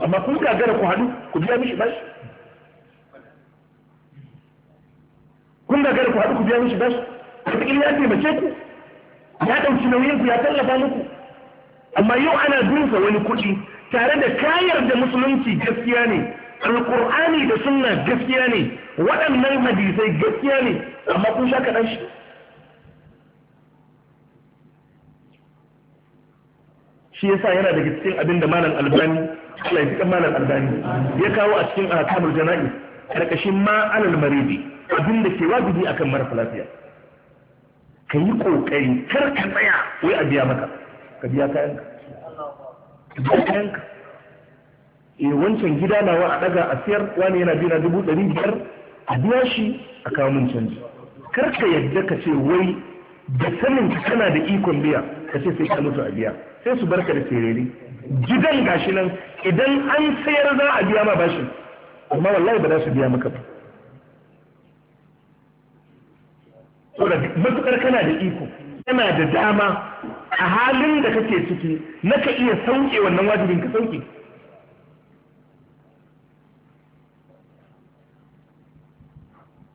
amma kun gagara ku hadu ku biya mishi bashi kun gagara ku hadu ku biya mishi bashi watakila ya taimake ku ya ɗauki nauyin ku ya tallafa muku amma yau ana dunsa wani kuɗi tare da kayar da musulunci gaskiya ne alƙur'ani da sunna gaskiya ne waɗannan hadisai gaskiya ne amma kun sha kaɗan shi shi yasa yana daga cikin abin da malam albani Allah ya fi malam albani ya kawo a cikin ahkamul jana'i karkashin ma alal maridi abin da ke wajibi akan mara lafiya ka yi kokari kar ka tsaya wai a biya maka ka biya kayanka ka biya kayanka e wancan gida nawa a daga a siyar wani yana biya dubu ɗari biyar a biya shi a kawo mun canji kar ka yadda ka ce wai da sanin ka kana da ikon biya ka ce sai ka mutu a biya sai su barka da serere gidan gashi nan idan an sayar za a biya ma bashi amma wallahi ba za su biya maka ba saboda matukar kana da iko kana da dama a halin da kake ciki na ka iya sauke wannan wajibin ka sauke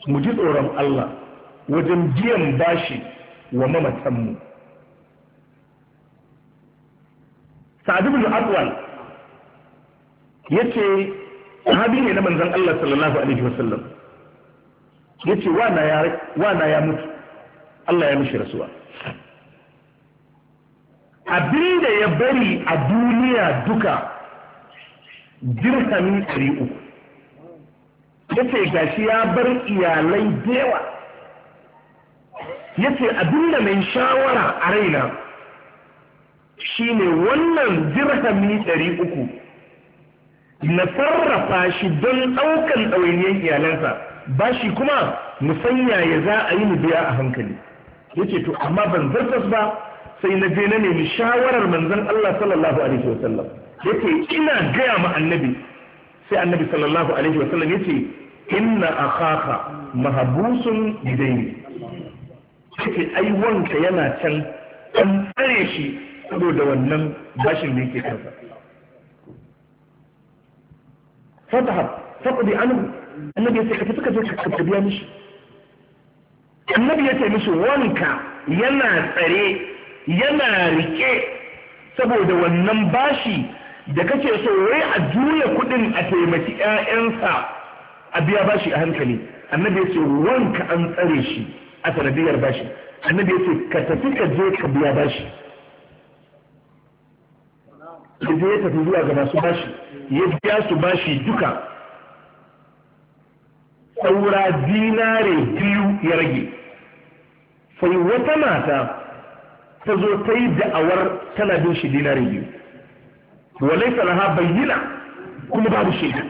mu ji tsoron Allah wajen biyan bashi wa mamatanmu sa'adu bin aswal yace sahabi ne na manzon Allah sallallahu alaihi wasallam yace wana ya na ya mutu Allah ya mishi rasuwa abinda ya bari a duniya duka dirhami ɗari uku ya ce gashi ya bar iyalai dewa ya ce abinda mai shawara a raina shine wannan dirhami ɗari uku na sarrafa shi don ɗaukan ɗawainiyar iyalansa ba shi kuma musanya ya za a yi mu biya a hankali yace to amma ban zartas ba sai na je na nemi shawarar manzon Allah sallallahu alaihi wasallam yace ina gaya ma annabi sai annabi sallallahu alaihi wasallam yace inna akhaka mahbusun bidaini yace ai wanka yana can an tsare shi saboda wannan bashin da yake kansa fataha faqdi anhu annabi sai ka fita ka je ka biya mishi annabi ya ce musu wanka yana tsare yana rike saboda wannan bashi da kake so wai a juya kudin a taimaki ƴaƴansa a biya bashi a hankali annabi ya ce wanka an tsare shi a sanadiyar bashi annabi ya ce ka tafi ka je ka biya bashi ya je ya tafi zuwa ga masu bashi ya biya su bashi duka saura dinare biyu ya rage sai wata mata ta zo ta yi da'awar tana bin shi dinari biyu walai salaha bayyana kuma babu shaida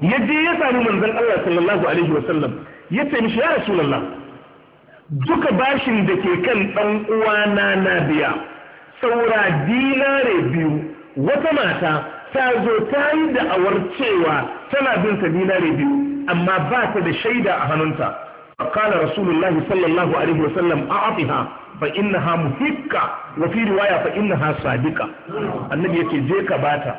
ya je ya sami manzon Allah sallallahu alaihi wasallam ya ce mishi ya rasulullah duka bashin da ke kan dan uwana na biya saura dinare biyu wata mata ta zo ta yi da'awar cewa tana bin sa dinare biyu amma ba ta da shaida a hannunta فقال رسول الله صلى الله عليه وسلم أعطها fa مهكة وفي رواية فإنها صادقة النبي يكي جيكا باتا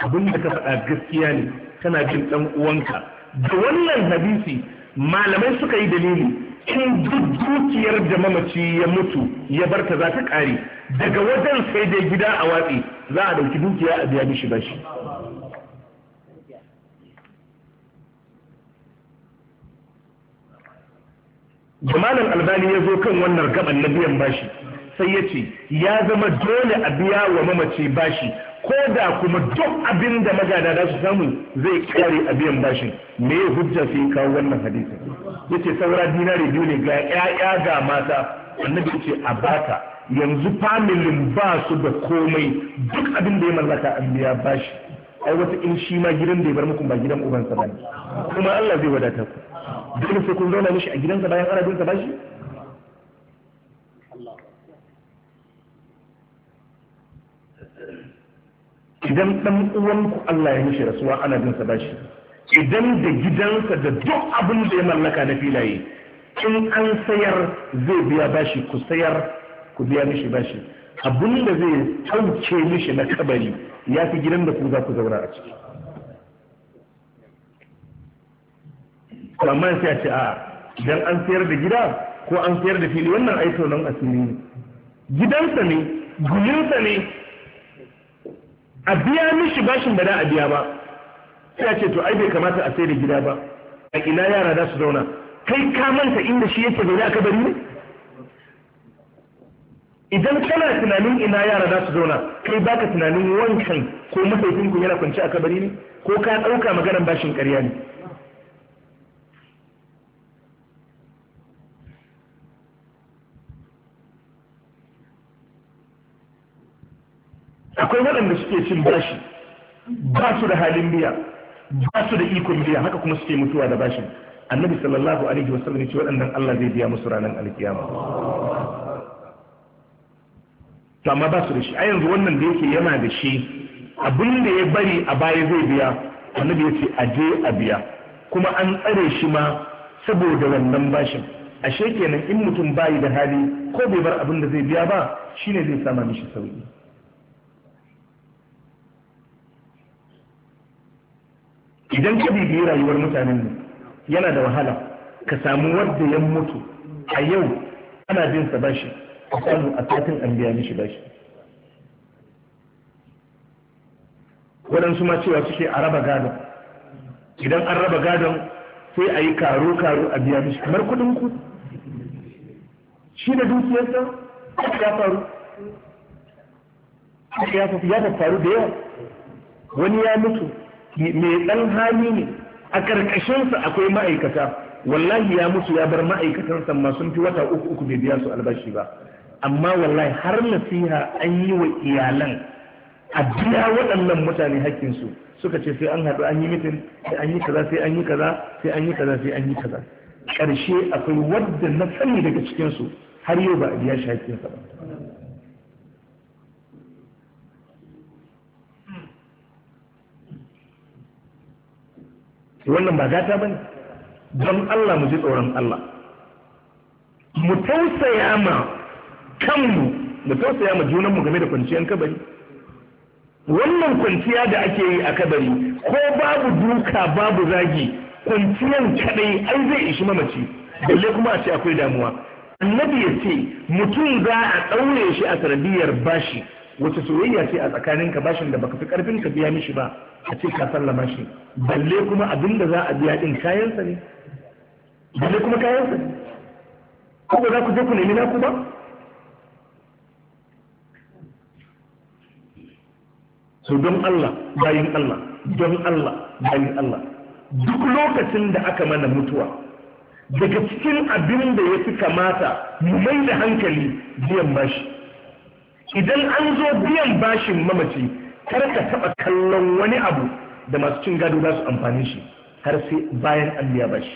abin da ka faɗa gaskiya ne tana jin ɗan uwanka da wannan hadisi malamai suka yi dalili in duk dukiyar da mamaci ya mutu ya barta za ta ƙare daga wajen sai dai gida a watsi za a ɗauki dukiya a biya mishi shi. da albani ya zo kan wannan gaban na biyan bashi sai ya ce ya zama dole a biya wa mamaci bashi ko da kuma duk abin da magada za su samu zai kare a biyan bashin me ya hujja sai kawo wannan hadisi yace saura dinari biyu ne ga 'ya'ya ga mata annabi ce a baka yanzu familin ba su da komai duk abin da ya mallaka an biya bashi ai wata in shi ma gidan da ya bar muku ba gidan ubansa ba kuma Allah zai wadata ku dole sai kun zauna mishi a gidansa bayan ana bin bashi idan dan uwanku Allah ya mishi rasuwa ana bin bashi idan da gidansa da duk abin da ya mallaka na filaye in an sayar zai biya bashi ku sayar ku biya mishi bashi abin da zai tauce mishi na kabari ya fi gidan da ku za ku zaura a ciki amma sai a ce a idan an sayar da gida ko an sayar da fili wannan to nan asiri ne gidansa ne gulinsa ne a biya mishi bashin ba da a biya ba sai a ce to ai bai kamata a tsayar da gida ba a ina yara za su zauna kai ka manta inda shi yake zaune aka bari ne idan kana tunanin ina yara za su zauna kai baka tunanin wancan ko mahaifinku yana kwanci a kabari ne ko ka ɗauka maganar bashin ƙarya ne akwai waɗanda suke cin bashi ba su da halin biya ba su da ikon biya haka kuma suke mutuwa da bashin annabi sallallahu alaihi wasallam ce waɗannan Allah zai biya musu ranar alkiyama to amma ba su da shi a yanzu wannan da yake yana da shi abin da ya bari a baya zai biya annabi ya ce a je a biya kuma an tsare shi ma saboda wannan bashin ashe kenan in mutum bayi da hali ko bai bar abin da zai biya ba shine zai sama mishi sauki idan ka bibiyi rayuwar mutanen ne yana da wahala ka samu wanda ya mutu a yau ana bin sa bashi a samu a katin an biya mishi bashi waɗansu ma cewa suke a raba gadon idan an raba gadon sai a yi karo-karo a biya mishi kamar kuɗin ku shi da dukiyarsa ya faru ya faru da yawa wani ya mutu mai ɗan hali ne a ƙarƙashinsa akwai ma'aikata wallahi ya mutu ya bar ma'aikatansa ma sun fi wata uku uku bai biya su albashi ba amma wallahi har nasiha an yi wa iyalan a biya waɗannan mutane su suka ce sai an haɗu an yi mitin sai an yi kaza sai an yi kaza sai an yi kaza sai an yi kaza ƙarshe akwai wadda na sani daga cikinsu har yau ba a biya shi hakkinsa ba wannan ba gata bane don Allah mu ji tsoron Allah mu tausaya ma kanmu mu tausaya ma junan game da kwanciyar kabari wannan kwanciya da ake yi a kabari ko babu duka babu zagi kwanciyar kadai ai zai ishi mamaci balle kuma a ce akwai damuwa annabi ya ce mutum za a ɗaure shi a sarabiyar bashi wace soyayya ce a tsakaninka bashin da baka fi karfin ka biya mishi ba a ce ka sallama shi balle kuma abin da za a biya din kayansa ne balle kuma kayansa ne ko za ku je ku nemi naku ba so don Allah bayin Allah don Allah bayin Allah duk lokacin da aka mana mutuwa daga cikin abin da ya fi kamata mu mai da hankali biyan bashi idan an zo biyan bashin mamaci kar ka taɓa kallon wani abu da masu cin gado za su amfani shi har sai bayan an biya bashi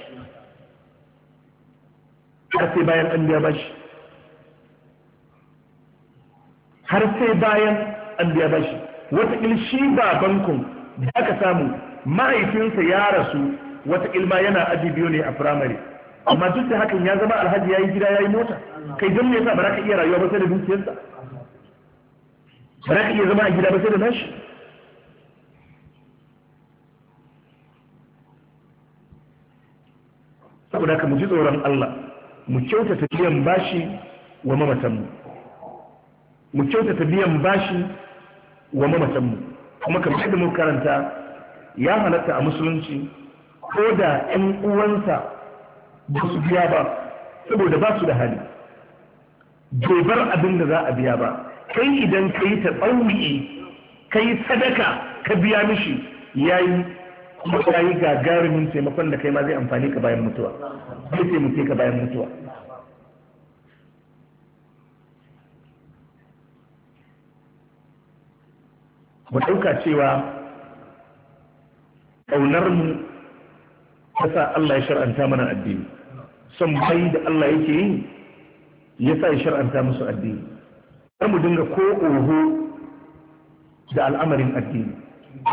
har sai bayan an biya bashi har sai bayan an biya bashi shi bankun da aka samu mahaifinsa ya rasu wata ilma yana aji biyu ne a firamare amma duk da hakan ya zama alhaji ya yi gida ya yi mota kai don me yasa ba za ka iya rayuwa ba sai da dukiyarsa ba za ka iya zama a gida ba sai da nashi saboda ka mu ji tsoron Allah mu kyautata biyan bashi wa mamatanmu mu kyautata biyan bashi wa mamatanmu kuma kamar yadda muka karanta ya halatta a musulunci ko da ƴan uwansa ba su biya ba saboda ba su da hali bai bar abin da za a biya ba kai idan ka yi taɓawi ka yi sadaka ka biya mishi ya yi kuma ka yi gagarumin taimakon da kai ma zai amfani ka bayan mutuwa zai taimake ka bayan mutuwa mu ɗauka cewa ƙaunar mu ta sa Allah ya shar'anta mana addini son bai da Allah yake yi ya sa ya shar'anta musu addini kar mu dinga ko oho da al'amarin addini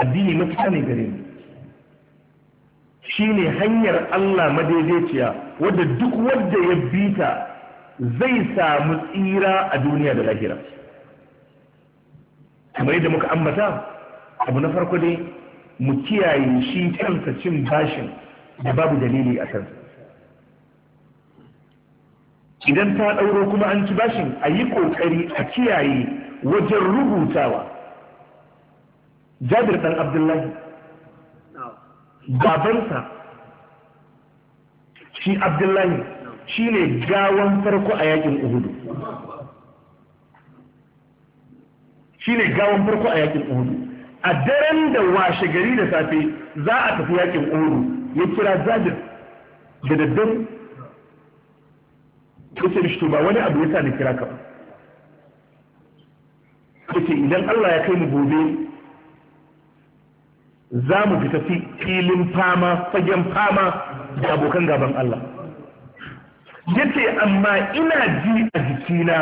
addini mafita ne gare mu shine hanyar Allah madaidaiciya wadda duk wadda ya bita zai samu tsira a duniya da lahira kamar yadda muka ambata abu na farko dai mu kiyaye shi kansa cin bashin da babu dalili a kansa idan ta ɗauro kuma an ci bashin a yi ƙoƙari a kiyaye wajen rubutawa jabir ɗan abdullahi babansa shi abdullahi shi ne gawan farko a yakin uhudu shi ne gawan farko a yakin uhudu a daren da washe gari da safe za a tafi yakin uhudu ya kira jabir da daddare yace to ba wani abu yasa na kira ka ba. kace idan Allah ya kai mu gobe za mu fita filin fama fagen fama da abokan gaban Allah yace amma ina ji a jikina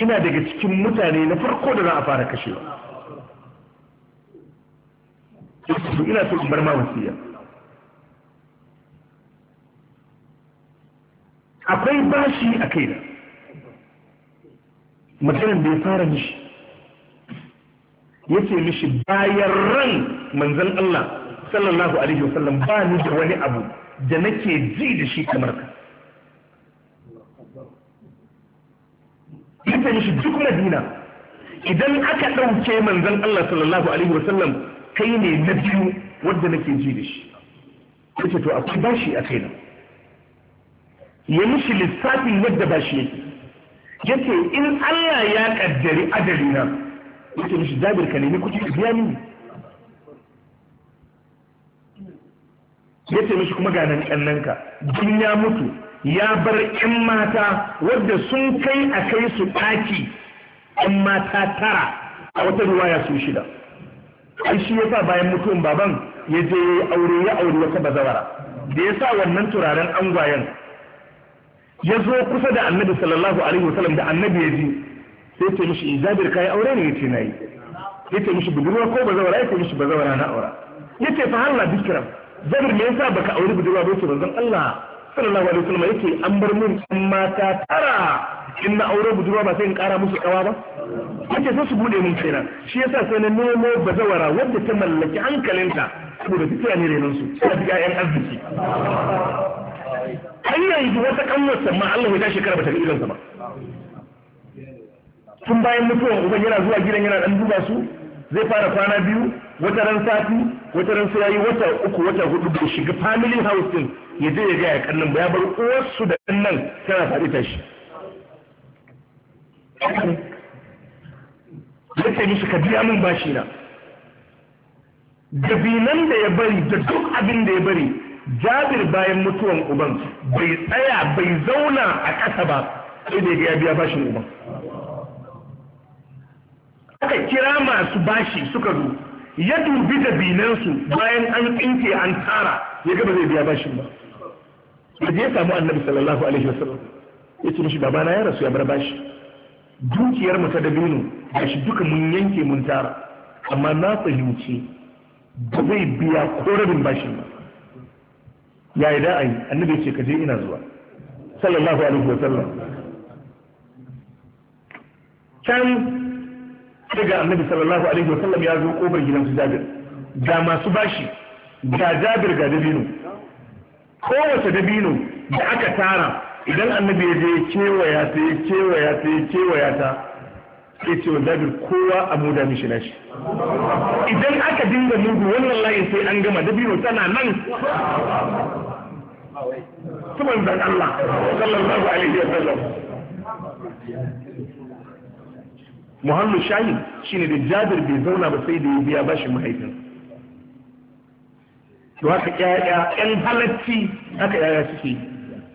ina daga cikin mutane na farko da za a fara kashewa ina so in bar ma wasiya akwai bashi a kai da maganin da ya fara mishi yake mishi bayan ran manzan Allah sallallahu alaihi wasallam ba ni da wani abu da nake ji da shi kamar ka ya ce mishi duk madina idan aka ɗauke manzan Allah sallallahu alaihi wasallam kai ne na biyu wadda nake ji da shi Yake to akwai bashi a kai na ya mishi lissafin yadda ba shi yake yace in Allah ya kaddari adali na yace mishi jabir ka nemi kuɗi ka biya mini yace mishi kuma ga nan kannan ka din ya mutu ya bar ƴan mata wadda sun kai a kai su ɗaki ƴan mata tara a wata ruwaya su shida ai shi yasa bayan mutuwan baban ya je aure ya aure wata bazawara da yasa wannan turaren angwayen ya zo kusa da annabi sallallahu alaihi wasallam da annabi ya ji sai ce mishi jabir kai aure ne yace nayi yace mishi budurwa ko bazawara yace mishi zawara na aura yace fa halla bikram jabir me yasa baka aure budurwa ba yace bazan Allah sallallahu alaihi wasallam yace an bar mun kan mata tara in na aure budurwa ba sai in kara musu kawa ba yace sai su bude mun kenan shi yasa sai na nemo bazawara wadda ta mallaki hankalinta saboda fitiya ne renon su sai ga yan arziki an yanzu wata kanwarsa Allah ya shekara ba ta ilansa ba tun bayan mutuwa uban yana zuwa gidan yana dan duba su zai fara kwana biyu wata ran sati wata ran sai yayi wata uku wata hudu da shiga family house din ya je ya ga ya kallon ba ya bar uwarsu da nan, tana faɗi ta shi yake mishi ka biya min bashi na Gabinan da ya bari da duk abin da ya bari jabir bayan mutuwan uban bai tsaya bai zauna a ƙasa ba sai da ya biya bashin uban aka kira masu bashi suka zo ya dubi da binansu bayan an tsinke an tara ya gaba zai biya bashin ba da je samu annabi sallallahu alaihi wasallam ya ce mishi babana ya rasu ya bar bashi dukiyar mu ta dabino ga shi duka mun yanke mun tara amma na fahimci ba zai biya ko rabin bashin ba ya yi da yi annabi ce ka je ina zuwa sallallahu alaihi wa sallam can daga annabi sallallahu alaihi wa sallam ya zo kofar su jabir ga masu bashi ga jabir ga dabino kowace dabino da aka tara idan annabi ya je kewaya ta ya kewaya ta ya kewaya ta sai ce wallahi kowa a moda mishi nashi idan aka dinga mudu wannan layin sai an gama dabino tana nan su manzan Allah sallallahu alaihi wa sallam muhallu shahin shine da jabir bai zauna ba sai da ya biya bashin mahaifin to haka ƴaƴa ƴan halacci haka ƴaƴa suke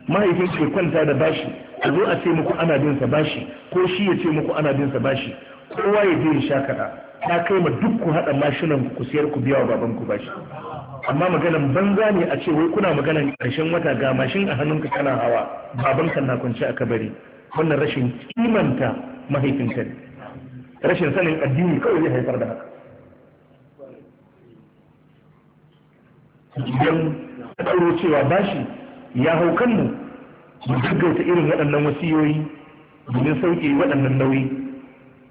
mahaifin ke kwanta da bashi a zo a ce muku ana bin sa bashi ko shi ya ce muku ana bin sa bashi kowa ya je ya sha kaɗa ta kai ma duk ku haɗa mashinan ku siyar ku biya wa baban ku bashi amma maganan banza ne a ce wai kuna maganan ƙarshen wata ga mashin a hannunka kana hawa baban ka na kwance a kabari wannan rashin kimanta mahaifinta ne rashin sanin addini kawai zai haifar da haka idan ka ɗauro cewa bashi ya hau kanmu mu gaggauta irin waɗannan wasiyoyi domin sauke waɗannan nauyi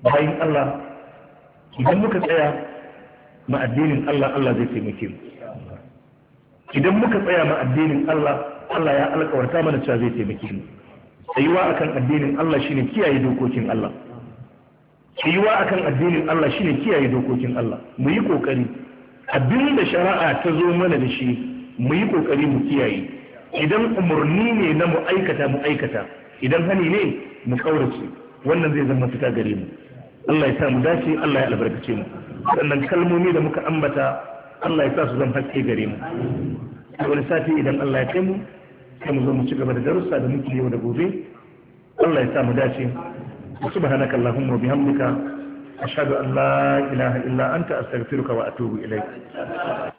bayan Allah idan muka tsaya ma addinin Allah Allah zai taimake mu idan muka tsaya ma addinin Allah Allah ya alƙawarta mana cewa zai taimake mu tsayuwa akan addinin Allah shine kiyaye dokokin Allah tsayuwa akan addinin Allah shine kiyaye dokokin Allah mu yi kokari abin da shari'a ta zo mana da shi mu yi kokari mu kiyaye idan umarni ne na mu aikata mu aikata idan hani ne mu kaurace wannan zai zama fita gare mu Allah ya sa mu dace Allah ya albarkace mu sannan kalmomi da muka ambata Allah ya sa su zama haske gare mu wani sati idan Allah ya kai mu sai mu zo mu ci gaba da darussa da muke yau da gobe Allah ya sa mu dace subhanaka allahumma wa bihamdika ashhadu an la ilaha illa anta astaghfiruka wa atubu ilaik